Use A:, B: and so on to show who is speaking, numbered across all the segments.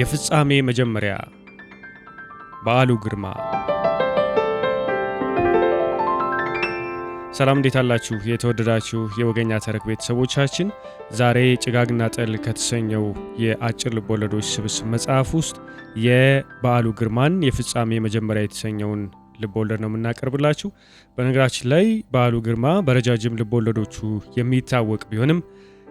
A: የፍጻሜ መጀመሪያ በዓሉ ግርማ። ሰላም እንዴት አላችሁ? የተወደዳችሁ የወገኛ ተረክ ቤተሰቦቻችን፣ ዛሬ ጭጋግና ጠል ከተሰኘው የአጭር ልቦለዶች ስብስብ መጽሐፍ ውስጥ የበዓሉ ግርማን የፍጻሜ መጀመሪያ የተሰኘውን ልቦወለድ ነው የምናቀርብላችሁ። በነገራችን ላይ በዓሉ ግርማ በረጃጅም ልቦወለዶቹ የሚታወቅ ቢሆንም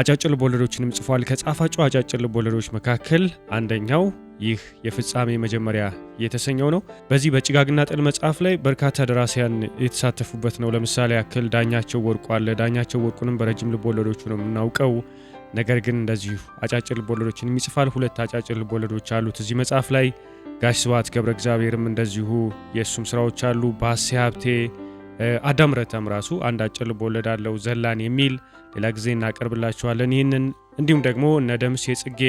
A: አጫጭር ልቦለዶችንም ጽፏል። ከጻፋጩ አጫጭር ልቦለዶች መካከል አንደኛው ይህ የፍጻሜ መጀመሪያ የተሰኘው ነው። በዚህ በጭጋግና ጥል መጽሐፍ ላይ በርካታ ደራሲያን የተሳተፉበት ነው። ለምሳሌ ያክል ዳኛቸው ወርቁ አለ። ዳኛቸው ወርቁንም በረጅም ልቦለዶቹ ነው የምናውቀው። ነገር ግን እንደዚሁ አጫጭር ልቦለዶችን የሚጽፋል። ሁለት አጫጭር ልቦለዶች አሉት እዚህ መጽሐፍ ላይ። ጋሽ ስብሐት ገብረ እግዚአብሔርም እንደዚሁ የእሱም ስራዎች አሉ። ባሴ ሀብቴ አዳም ረታም ራሱ አንድ አጭር ልብ ወለድ አለው ዘላን የሚል ሌላ ጊዜ እናቀርብላችኋለን። ይህንን እንዲሁም ደግሞ እነ ደምስ የጽጌ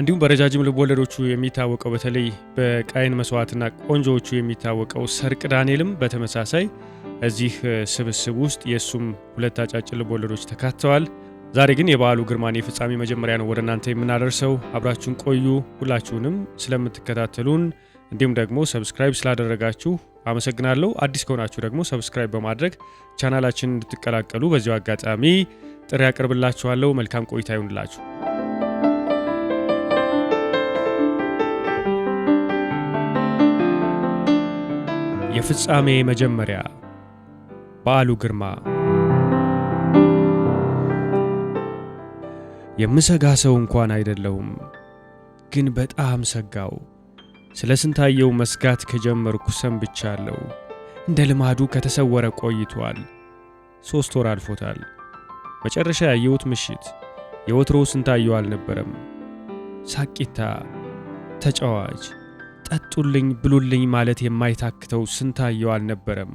A: እንዲሁም በረጃጅም ልብ ወለዶቹ የሚታወቀው በተለይ በቃይን መስዋዕትና ቆንጆዎቹ የሚታወቀው ሰርቅ ዳንኤልም በተመሳሳይ እዚህ ስብስብ ውስጥ የእሱም ሁለት አጫጭር ልብ ወለዶች ተካተዋል። ዛሬ ግን የበዓሉ ግርማን የፍጻሜ መጀመሪያ ነው ወደ እናንተ የምናደርሰው። አብራችሁን ቆዩ። ሁላችሁንም ስለምትከታተሉን እንዲሁም ደግሞ ሰብስክራይብ ስላደረጋችሁ አመሰግናለሁ። አዲስ ከሆናችሁ ደግሞ ሰብስክራይብ በማድረግ ቻናላችን እንድትቀላቀሉ በዚሁ አጋጣሚ ጥሪ ያቀርብላችኋለሁ። መልካም ቆይታ ይሁንላችሁ። የፍጻሜ መጀመሪያ በዓሉ ግርማ የምሰጋ ሰው እንኳን አይደለሁም፣ ግን በጣም ሰጋው። ስለ ስንታየው መስጋት ከጀመርኩ ሰንብቻለሁ። እንደ ልማዱ ከተሰወረ ቆይቷል። ሦስት ወር አልፎታል። መጨረሻ ያየሁት ምሽት የወትሮው ስንታየው አልነበረም። ሳቂታ፣ ተጫዋች፣ ጠጡልኝ ብሉልኝ ማለት የማይታክተው ስንታየው አልነበረም።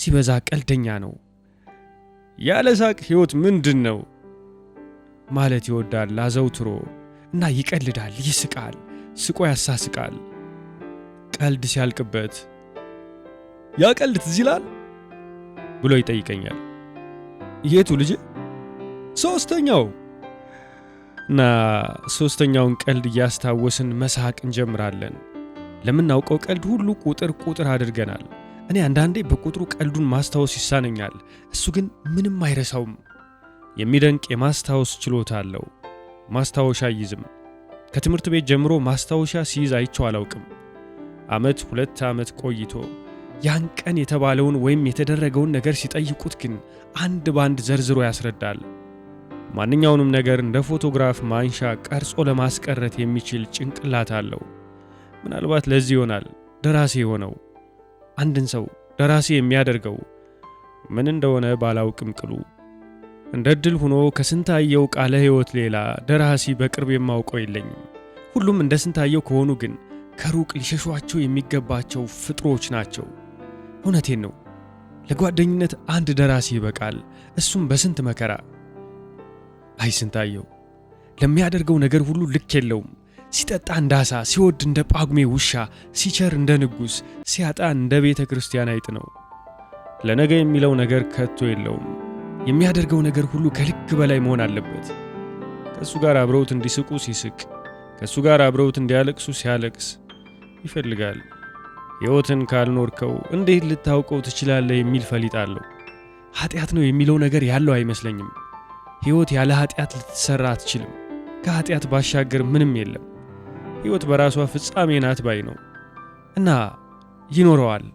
A: ሲበዛ ቀልደኛ ነው። ያለ ሳቅ ሕይወት ምንድን ነው ማለት ይወዳል አዘውትሮ እና ይቀልዳል፣ ይስቃል ስቆ ያሳስቃል። ቀልድ ሲያልቅበት ያ ቀልድ ትዝላል ብሎ ይጠይቀኛል። የቱ ልጅ? ሶስተኛው እና ሶስተኛውን ቀልድ እያስታወስን መሳቅ እንጀምራለን። ለምናውቀው ቀልድ ሁሉ ቁጥር ቁጥር አድርገናል። እኔ አንዳንዴ በቁጥሩ ቀልዱን ማስታወስ ይሳነኛል፣ እሱ ግን ምንም አይረሳውም። የሚደንቅ የማስታወስ ችሎታ አለው። ማስታወሻ አይዝም። ከትምህርት ቤት ጀምሮ ማስታወሻ ሲይዝ አይቸው አላውቅም። ዓመት ሁለት ዓመት ቆይቶ ያን ቀን የተባለውን ወይም የተደረገውን ነገር ሲጠይቁት ግን አንድ ባንድ ዘርዝሮ ያስረዳል። ማንኛውንም ነገር እንደ ፎቶግራፍ ማንሻ ቀርጾ ለማስቀረት የሚችል ጭንቅላት አለው። ምናልባት ለዚህ ይሆናል ደራሲ የሆነው። አንድን ሰው ደራሲ የሚያደርገው ምን እንደሆነ ባላውቅም ቅሉ እንደ ዕድል ሆኖ ከስንታየው ቃለ ሕይወት ሌላ ደራሲ በቅርብ የማውቀው የለኝም። ሁሉም እንደ ስንታየው ከሆኑ ግን ከሩቅ ሊሸሿቸው የሚገባቸው ፍጥሮች ናቸው። እውነቴን ነው። ለጓደኝነት አንድ ደራሲ ይበቃል፣ እሱም በስንት መከራ። አይ ስንታየው ለሚያደርገው ነገር ሁሉ ልክ የለውም። ሲጠጣ እንደ አሳ፣ ሲወድ እንደ ጳጉሜ ውሻ፣ ሲቸር እንደ ንጉሥ፣ ሲያጣ እንደ ቤተ ክርስቲያን አይጥ ነው። ለነገ የሚለው ነገር ከቶ የለውም። የሚያደርገው ነገር ሁሉ ከልክ በላይ መሆን አለበት። ከእሱ ጋር አብረውት እንዲስቁ ሲስቅ፣ ከእሱ ጋር አብረውት እንዲያለቅሱ ሲያለቅስ ይፈልጋል። ሕይወትን ካልኖርከው እንዴት ልታውቀው ትችላለህ የሚል ፈሊጥ አለው። ኃጢአት ነው የሚለው ነገር ያለው አይመስለኝም። ሕይወት ያለ ኃጢአት ልትሰራ አትችልም። ከኃጢአት ባሻገር ምንም የለም። ሕይወት በራሷ ፍጻሜ ናት ባይ ነው እና ይኖረዋል።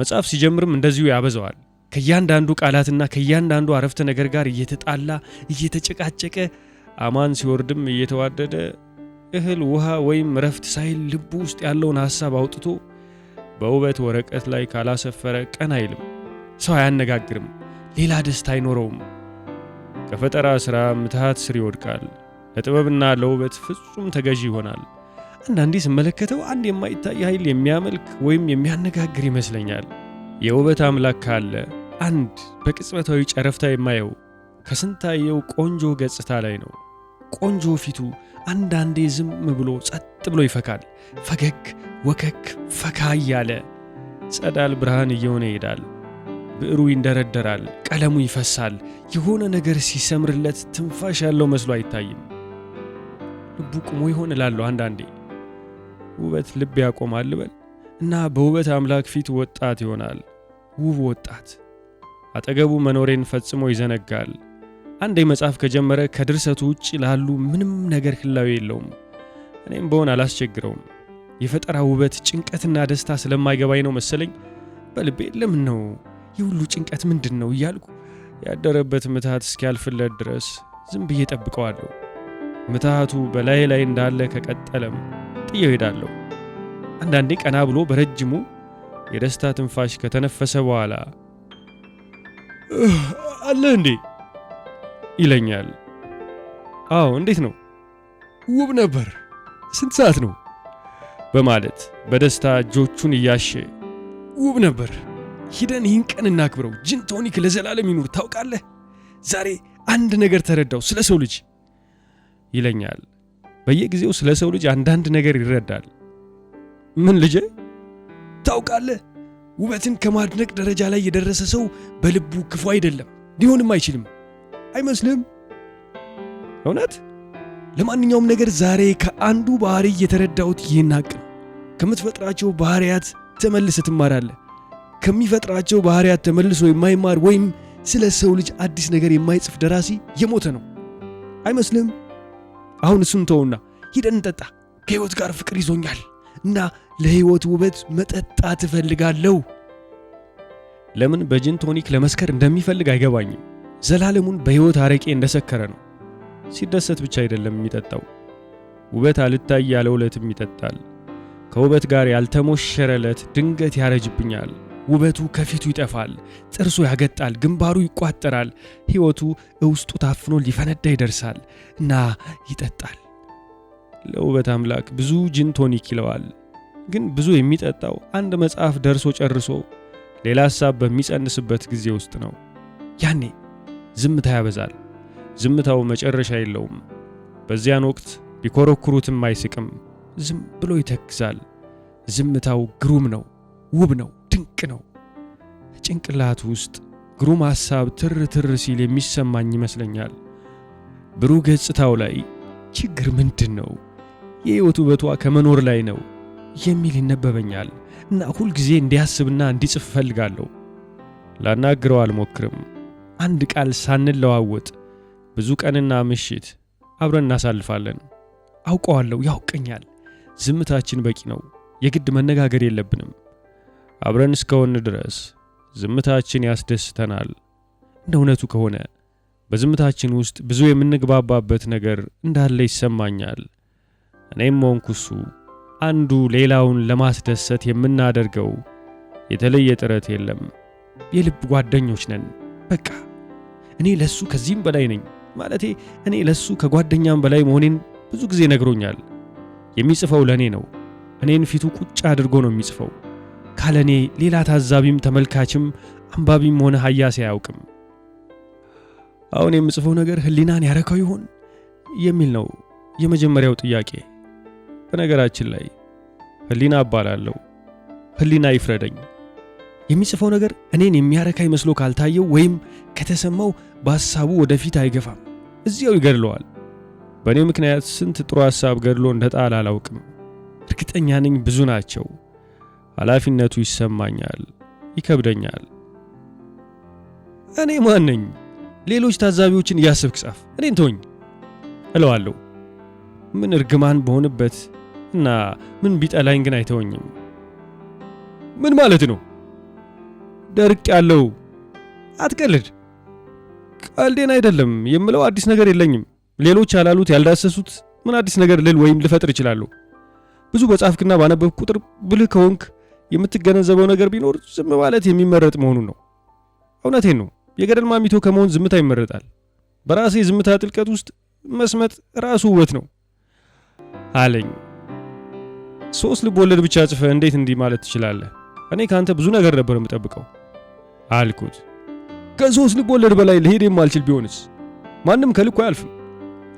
A: መጽሐፍ ሲጀምርም እንደዚሁ ያበዛዋል። ከእያንዳንዱ ቃላትና ከእያንዳንዱ አረፍተ ነገር ጋር እየተጣላ እየተጨቃጨቀ አማን ሲወርድም እየተዋደደ እህል ውሃ ወይም እረፍት ሳይል ልቡ ውስጥ ያለውን ሐሳብ አውጥቶ በውበት ወረቀት ላይ ካላሰፈረ ቀን አይልም። ሰው አያነጋግርም፣ ሌላ ደስታ አይኖረውም። ከፈጠራ ሥራ ምትሃት ስር ይወድቃል። ለጥበብና ለውበት ፍጹም ተገዢ ይሆናል። አንዳንዴ ስመለከተው አንድ የማይታይ ኃይል የሚያመልክ ወይም የሚያነጋግር ይመስለኛል። የውበት አምላክ ካለ አንድ በቅጽበታዊ ጨረፍታ የማየው ከስንታየው ቆንጆ ገጽታ ላይ ነው። ቆንጆ ፊቱ አንዳንዴ ዝም ብሎ ጸጥ ብሎ ይፈካል። ፈገግ ወከክ ፈካ እያለ ጸዳል ብርሃን እየሆነ ይሄዳል። ብዕሩ ይንደረደራል፣ ቀለሙ ይፈሳል። የሆነ ነገር ሲሰምርለት ትንፋሽ ያለው መስሎ አይታይም። ልቡ ቁሞ ይሆን እላለሁ አንዳንዴ። ውበት ልብ ያቆማል ልበል እና በውበት አምላክ ፊት ወጣት ይሆናል ውብ ወጣት አጠገቡ መኖሬን ፈጽሞ ይዘነጋል። አንዴ መጽሐፍ ከጀመረ ከድርሰቱ ውጭ ላሉ ምንም ነገር ህላዊ የለውም። እኔም በሆን አላስቸግረውም። የፈጠራ ውበት ጭንቀትና ደስታ ስለማይገባኝ ነው መሰለኝ በልቤ ለምን ነው የሁሉ ጭንቀት ምንድን ነው እያልኩ ያደረበት ምትሃት እስኪያልፍለት ድረስ ዝም ብዬ ጠብቀዋለሁ። ምትሃቱ በላይ ላይ እንዳለ ከቀጠለም ጥየው ሄዳለሁ። አንዳንዴ ቀና ብሎ በረጅሙ የደስታ ትንፋሽ ከተነፈሰ በኋላ አለ እንዴ ይለኛል። አዎ እንዴት ነው? ውብ ነበር። ስንት ሰዓት ነው? በማለት በደስታ እጆቹን እያሸ ውብ ነበር። ሂደን ይህን ቀን እናክብረው። ጅን ቶኒክ ለዘላለም ይኑር። ታውቃለህ፣ ዛሬ አንድ ነገር ተረዳው ስለ ሰው ልጅ ይለኛል። በየጊዜው ስለ ሰው ልጅ አንዳንድ ነገር ይረዳል። ምን ልጄ ታውቃለህ ውበትን ከማድነቅ ደረጃ ላይ የደረሰ ሰው በልቡ ክፉ አይደለም፣ ሊሆንም አይችልም። አይመስልም? እውነት ለማንኛውም ነገር ዛሬ ከአንዱ ባህሪ የተረዳሁት ይህን ሀቅ ነው። ከምትፈጥራቸው ባህሪያት ተመልሰ ትማራለህ። ከሚፈጥራቸው ባህሪያት ተመልሶ የማይማር ወይም ስለ ሰው ልጅ አዲስ ነገር የማይጽፍ ደራሲ የሞተ ነው። አይመስልም? አሁን እሱን ተውና ሂደን እንጠጣ። ከህይወት ጋር ፍቅር ይዞኛል እና ለህይወት ውበት መጠጣት እፈልጋለሁ። ለምን በጅን ቶኒክ ለመስከር እንደሚፈልግ አይገባኝም። ዘላለሙን በህይወት አረቄ እንደሰከረ ነው። ሲደሰት ብቻ አይደለም የሚጠጣው፣ ውበት አልታይ ያለ ውለትም ይጠጣል። ከውበት ጋር ያልተሞሸረ ዕለት ድንገት ያረጅብኛል። ውበቱ ከፊቱ ይጠፋል፣ ጥርሱ ያገጣል፣ ግንባሩ ይቋጠራል፣ ሕይወቱ እውስጡ ታፍኖ ሊፈነዳ ይደርሳል እና ይጠጣል። ለውበት አምላክ ብዙ ጅን ቶኒክ ይለዋል። ግን ብዙ የሚጠጣው አንድ መጽሐፍ ደርሶ ጨርሶ ሌላ ሐሳብ በሚጸንስበት ጊዜ ውስጥ ነው። ያኔ ዝምታ ያበዛል። ዝምታው መጨረሻ የለውም። በዚያን ወቅት ቢኮረኩሩትም አይስቅም፣ ዝም ብሎ ይተክዛል። ዝምታው ግሩም ነው፣ ውብ ነው፣ ድንቅ ነው። ጭንቅላቱ ውስጥ ግሩም ሐሳብ ትር ትር ሲል የሚሰማኝ ይመስለኛል። ብሩህ ገጽታው ላይ ችግር ምንድን ነው? የሕይወት ውበቷ ከመኖር ላይ ነው። የሚል ይነበበኛል እና ሁልጊዜ እንዲያስብና እንዲጽፍ እፈልጋለሁ። ላናግረው አልሞክርም። አንድ ቃል ሳንለዋወጥ ብዙ ቀንና ምሽት አብረን እናሳልፋለን። አውቀዋለሁ፣ ያውቀኛል። ዝምታችን በቂ ነው። የግድ መነጋገር የለብንም። አብረን እስከሆን ድረስ ዝምታችን ያስደስተናል። እንደ እውነቱ ከሆነ በዝምታችን ውስጥ ብዙ የምንግባባበት ነገር እንዳለ ይሰማኛል። እኔም ሆንኩ እሱ አንዱ ሌላውን ለማስደሰት የምናደርገው የተለየ ጥረት የለም። የልብ ጓደኞች ነን። በቃ እኔ ለሱ ከዚህም በላይ ነኝ ማለቴ እኔ ለሱ ከጓደኛም በላይ መሆኔን ብዙ ጊዜ ነግሮኛል። የሚጽፈው ለእኔ ነው። እኔን ፊቱ ቁጭ አድርጎ ነው የሚጽፈው። ካለ እኔ ሌላ ታዛቢም ተመልካችም አንባቢም ሆነ ሀያሴ አያውቅም። አሁን የምጽፈው ነገር ህሊናን ያረካው ይሆን የሚል ነው የመጀመሪያው ጥያቄ። በነገራችን ላይ ህሊና እባላለሁ። ህሊና ይፍረደኝ። የሚጽፈው ነገር እኔን የሚያረካ ይመስሎ ካልታየው ወይም ከተሰማው በሐሳቡ ወደፊት አይገፋም፣ እዚያው ይገድለዋል። በእኔ ምክንያት ስንት ጥሩ ሐሳብ ገድሎ እንደ ጣል አላውቅም። እርግጠኛ ነኝ ብዙ ናቸው። ኃላፊነቱ ይሰማኛል፣ ይከብደኛል። እኔ ማን ነኝ? ሌሎች ታዛቢዎችን እያስብክ ጻፍ፣ እኔን ተወኝ እለዋለሁ። ምን እርግማን በሆንበት እና ምን ቢጠላኝ ግን አይተወኝም። ምን ማለት ነው? ደርቅ ያለው አትቀልድ። ቀልዴን አይደለም የምለው፣ አዲስ ነገር የለኝም። ሌሎች ያላሉት ያልዳሰሱት ምን አዲስ ነገር ልል ወይም ልፈጥር ይችላሉ? ብዙ በጻፍክና ባነበብ ቁጥር ብልህ ከሆንክ የምትገነዘበው ነገር ቢኖር ዝም ማለት የሚመረጥ መሆኑን ነው። እውነቴን ነው። የገደል ማሚቶ ከመሆን ዝምታ ይመረጣል። በራሴ የዝምታ ጥልቀት ውስጥ መስመጥ ራሱ ውበት ነው አለኝ። ሶስት ልብ ወለድ ብቻ ጽፈ እንዴት እንዲህ ማለት ትችላለህ? እኔ ካንተ ብዙ ነገር ነበር የምጠብቀው አልኩት። ከሶስት ልብ ወለድ በላይ ልሄድ የማልችል ቢሆንስ? ማንም ከልኩ አያልፍም።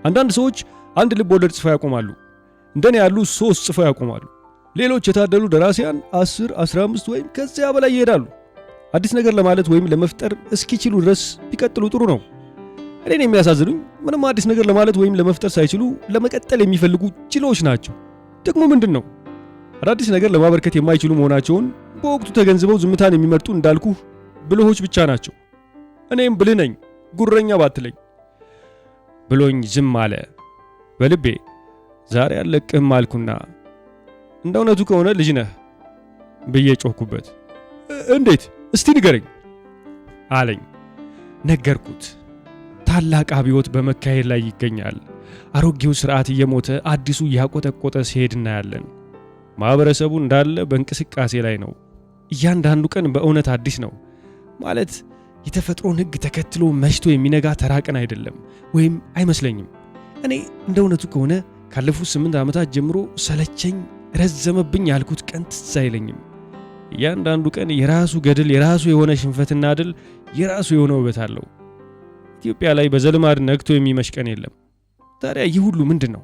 A: አንዳንድ ሰዎች አንድ ልብ ወለድ ጽፈው ያቆማሉ። እንደኔ ያሉ ሶስት ጽፈው ያቆማሉ። ሌሎች የታደሉ ደራሲያን 10፣ 15 ወይም ከዚያ በላይ ይሄዳሉ። አዲስ ነገር ለማለት ወይም ለመፍጠር እስኪችሉ ድረስ ቢቀጥሉ ጥሩ ነው። እኔን የሚያሳዝኑኝ ምንም አዲስ ነገር ለማለት ወይም ለመፍጠር ሳይችሉ ለመቀጠል የሚፈልጉ ጅሎች ናቸው። ደግሞ ምንድን ነው? አዳዲስ ነገር ለማበርከት የማይችሉ መሆናቸውን በወቅቱ ተገንዝበው ዝምታን የሚመርጡ እንዳልኩ ብልሆች ብቻ ናቸው። እኔም ብልህ ነኝ ጉረኛ ባትለኝ ብሎኝ ዝም አለ። በልቤ ዛሬ አለቅህም አልኩና እንደ እውነቱ ከሆነ ልጅ ነህ ብዬ ጮኩበት። እንዴት እስቲ ንገረኝ አለኝ። ነገርኩት። ታላቅ አብዮት በመካሄድ ላይ ይገኛል። አሮጌው ስርዓት እየሞተ አዲሱ እያቆጠቆጠ ሲሄድ እናያለን። ማህበረሰቡ እንዳለ በእንቅስቃሴ ላይ ነው። እያንዳንዱ ቀን በእውነት አዲስ ነው ማለት የተፈጥሮን ሕግ ተከትሎ መሽቶ የሚነጋ ተራቀን አይደለም፣ ወይም አይመስለኝም። እኔ እንደ እውነቱ ከሆነ ካለፉት ስምንት ዓመታት ጀምሮ ሰለቸኝ፣ ረዘመብኝ ያልኩት ቀን ትዝ አይለኝም። እያንዳንዱ ቀን የራሱ ገድል፣ የራሱ የሆነ ሽንፈትና ድል፣ የራሱ የሆነ ውበት አለው። ኢትዮጵያ ላይ በዘልማድ ነግቶ የሚመሽ ቀን የለም። ታዲያ ይህ ሁሉ ምንድን ነው?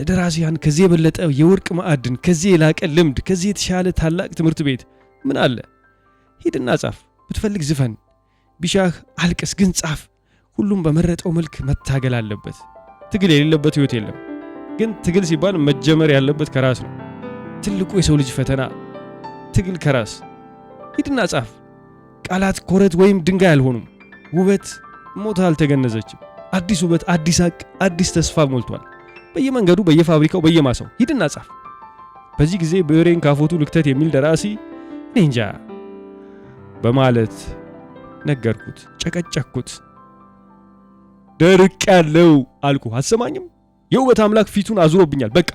A: ለደራሲያን ከዚህ የበለጠ የወርቅ ማዕድን፣ ከዚህ የላቀ ልምድ፣ ከዚህ የተሻለ ታላቅ ትምህርት ቤት ምን አለ? ሂድና ጻፍ፣ ብትፈልግ ዝፈን፣ ቢሻህ አልቅስ፣ ግን ጻፍ። ሁሉም በመረጠው መልክ መታገል አለበት። ትግል የሌለበት ህይወት የለም። ግን ትግል ሲባል መጀመር ያለበት ከራስ ነው። ትልቁ የሰው ልጅ ፈተና ትግል ከራስ። ሂድና ጻፍ። ቃላት ኮረት ወይም ድንጋይ አልሆኑም። ውበት ሞታ አልተገነዘችም። አዲስ ውበት፣ አዲስ ሀቅ፣ አዲስ ተስፋ ሞልቷል። በየመንገዱ በየፋብሪካው በየማሳው ሂድና ጻፍ። በዚህ ጊዜ ብዕሬን ካፎቱ ልክተት የሚል ደራሲ እኔ እንጃ በማለት ነገርኩት፣ ጨቀጨኩት። ደርቅ ያለው አልኩ። አሰማኝም። የውበት አምላክ ፊቱን አዙሮብኛል። በቃ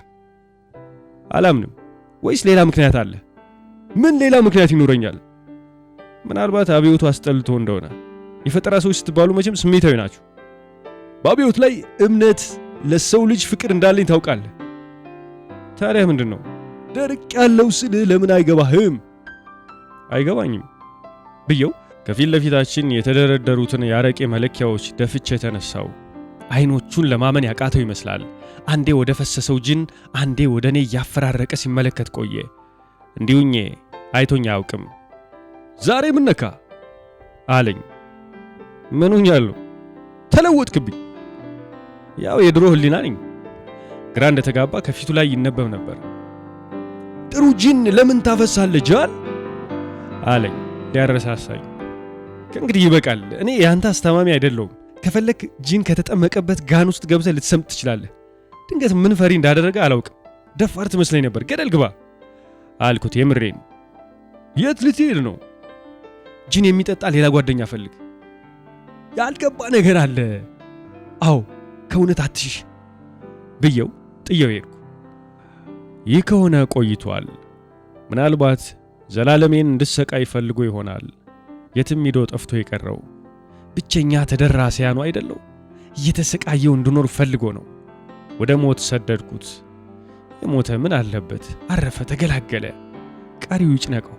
A: አላምንም። ወይስ ሌላ ምክንያት አለ? ምን ሌላ ምክንያት ይኖረኛል? ምናልባት አብዮቱ አስጠልቶ እንደሆነ። የፈጠራ ሰዎች ስትባሉ መቼም ስሜታዊ ናችሁ። በአብዮት ላይ እምነት ለሰው ልጅ ፍቅር እንዳለኝ ታውቃለህ። ታዲያ ምንድን ነው ደርቅ ያለው ስልህ ለምን አይገባህም? አይገባኝም ብየው ከፊት ለፊታችን የተደረደሩትን የአረቄ መለኪያዎች ደፍቼ የተነሳው አይኖቹን ለማመን ያቃተው ይመስላል። አንዴ ወደ ፈሰሰው ጅን፣ አንዴ ወደ እኔ እያፈራረቀ ሲመለከት ቆየ። እንዲሁኜ አይቶኝ አያውቅም። ዛሬ ምነካ አለኝ። ምኑኛለሁ ተለወጥክብኝ ያው የድሮ ህሊና ነኝ። ግራ እንደተጋባ ከፊቱ ላይ ይነበብ ነበር። ጥሩ ጂን ለምን ታፈሳለህ ጃል አለኝ ሊያረሳሳኝ። ከእንግዲህ ይበቃል። እኔ የአንተ አስታማሚ አይደለሁም። ከፈለክ ጂን ከተጠመቀበት ጋን ውስጥ ገብተህ ልትሰምጥ ትችላለህ። ድንገት ምን ፈሪ እንዳደረገ አላውቅም። ደፋር ትመስለኝ ነበር። ገደል ግባ አልኩት። የምሬን። የት ልትሄድ ነው? ጂን የሚጠጣ ሌላ ጓደኛ ፈልግ። ያልገባ ነገር አለ። አዎ ከእውነት አትሽ ብየው ጥየው ሄድኩ። ይህ ከሆነ ቆይቷል። ምናልባት ዘላለሜን እንድሰቃይ ፈልጎ ይሆናል። የትም ሂዶ ጠፍቶ የቀረው ብቸኛ ተደራሲያኑ አይደለው እየተሰቃየው እንድኖር ፈልጎ ነው። ወደ ሞት ሰደድኩት። የሞተ ምን አለበት? አረፈ፣ ተገላገለ። ቀሪው ይጭነቀው።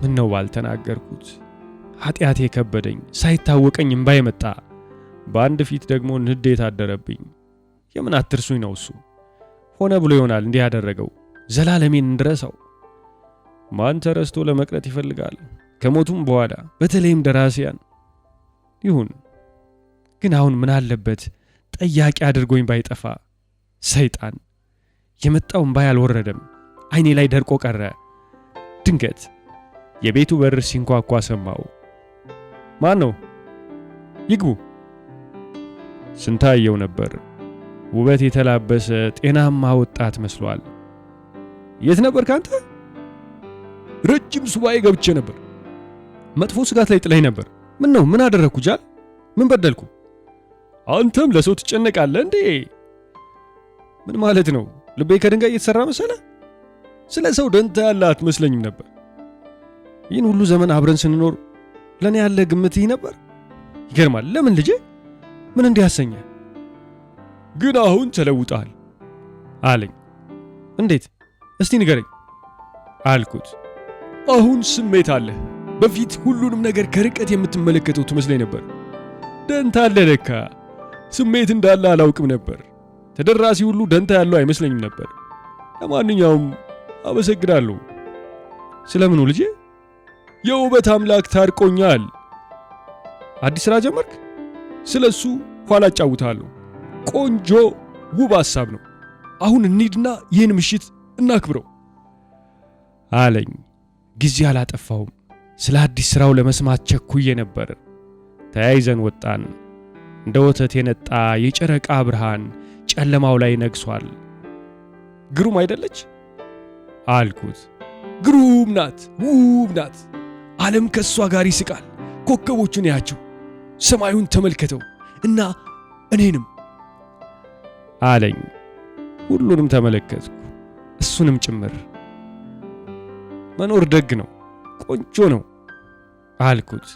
A: ምን ነው ባልተናገርኩት። ኃጢአቴ ከበደኝ፣ ሳይታወቀኝ እምባ የመጣ በአንድ ፊት ደግሞ ንዴት አደረብኝ። የምን አትርሱኝ ነው እሱ ሆነ ብሎ ይሆናል እንዲህ ያደረገው። ዘላለሜን እንድረሳው ማን ተረስቶ ለመቅረት ይፈልጋል? ከሞቱም በኋላ በተለይም ደራሲያን ይሁን። ግን አሁን ምን አለበት ጠያቂ አድርጎኝ ባይጠፋ። ሰይጣን የመጣውን ባይ አልወረደም፣ አይኔ ላይ ደርቆ ቀረ። ድንገት የቤቱ በር ሲንኳኳ ሰማው። ማን ነው? ይግቡ ስንታየው ነበር። ውበት የተላበሰ ጤናማ ወጣት መስሏል። የት ነበር ካንተ? ረጅም ሱባኤ ገብቼ ነበር። መጥፎ ስጋት ላይ ጥላይ ነበር። ምን ነው? ምን አደረግኩ? ጃል ምን በደልኩ? አንተም ለሰው ትጨነቃለህ እንዴ? ምን ማለት ነው? ልቤ ከድንጋይ እየተሰራ መሰለ። ስለ ሰው ደንታ ያለ አትመስለኝም ነበር። ይህን ሁሉ ዘመን አብረን ስንኖር ለእኔ ያለ ግምት ይህ ነበር። ይገርማል። ለምን ልጄ ምን እንዲያሰኘ? ግን አሁን ተለውጣል አለኝ። እንዴት? እስቲ ንገረኝ አልኩት። አሁን ስሜት አለህ። በፊት ሁሉንም ነገር ከርቀት የምትመለከተው ትመስለኝ ነበር። ደንታ አለ ለካ። ስሜት እንዳለ አላውቅም ነበር። ተደራሲ ሁሉ ደንታ ያለው አይመስለኝም ነበር። ለማንኛውም አመሰግናለሁ። ስለምኑ ልጄ? የውበት አምላክ ታርቆኛል። አዲስ ስራ ጀመርክ? ስለ እሱ ኋላ እጫውታለሁ። ቆንጆ ውብ ሐሳብ ነው። አሁን እንሂድና ይህን ምሽት እናክብረው አለኝ። ጊዜ አላጠፋውም። ስለ አዲስ ሥራው ለመስማት ቸኩዬ ነበር። ተያይዘን ወጣን። እንደ ወተት የነጣ የጨረቃ ብርሃን ጨለማው ላይ ነግሷል። ግሩም አይደለች አልኩት። ግሩም ናት፣ ውብ ናት። ዓለም ከእሷ ጋር ይስቃል። ኮከቦቹን ያቸው ሰማዩን ተመልከተው እና እኔንም አለኝ። ሁሉንም ተመለከትኩ፣ እሱንም ጭምር። መኖር ደግ ነው፣ ቆንጆ ነው አልኩት።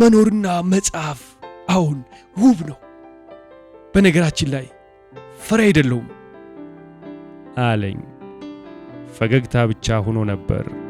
A: መኖርና መጽሐፍ አሁን ውብ ነው። በነገራችን ላይ ፈሪ አይደለሁም አለኝ። ፈገግታ ብቻ ሆኖ ነበር።